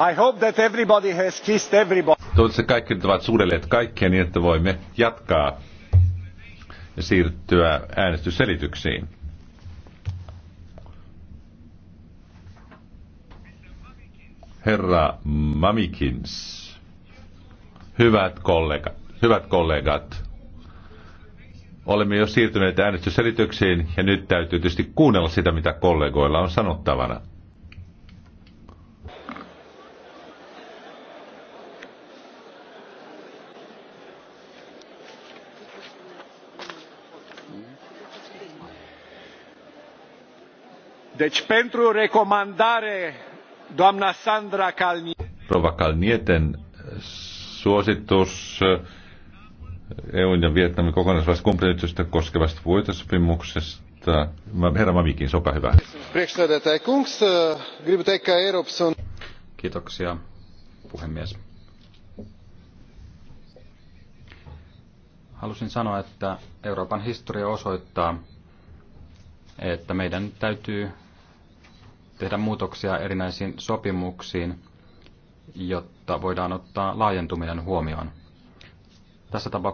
I hope that everybody has kissed everybody. Toivottavasti kaikki ovat suudelleet kaikkia niin, että voimme jatkaa ja siirtyä äänestysselityksiin. Herra Mamikins, hyvät kollegat, hyvät kollegat, olemme jo siirtyneet äänestysselityksiin ja nyt täytyy tietysti kuunnella sitä, mitä kollegoilla on sanottavana. Deci pentru recomandare, doamna Sandra Calniete. Rova Calnieten suositus EUn eh, e ja Vietnamin kokonaisvastuumpelitystä koskevasta puitesopimuksesta. Herra Mamikin, olkaa hyvä. Kiitoksia, puhemies. Halusin sanoa, että Euroopan historia osoittaa, että meidän täytyy tehdä muutoksia erinäisiin sopimuksiin, jotta voidaan ottaa laajentuminen huomioon. Tässä tapauksessa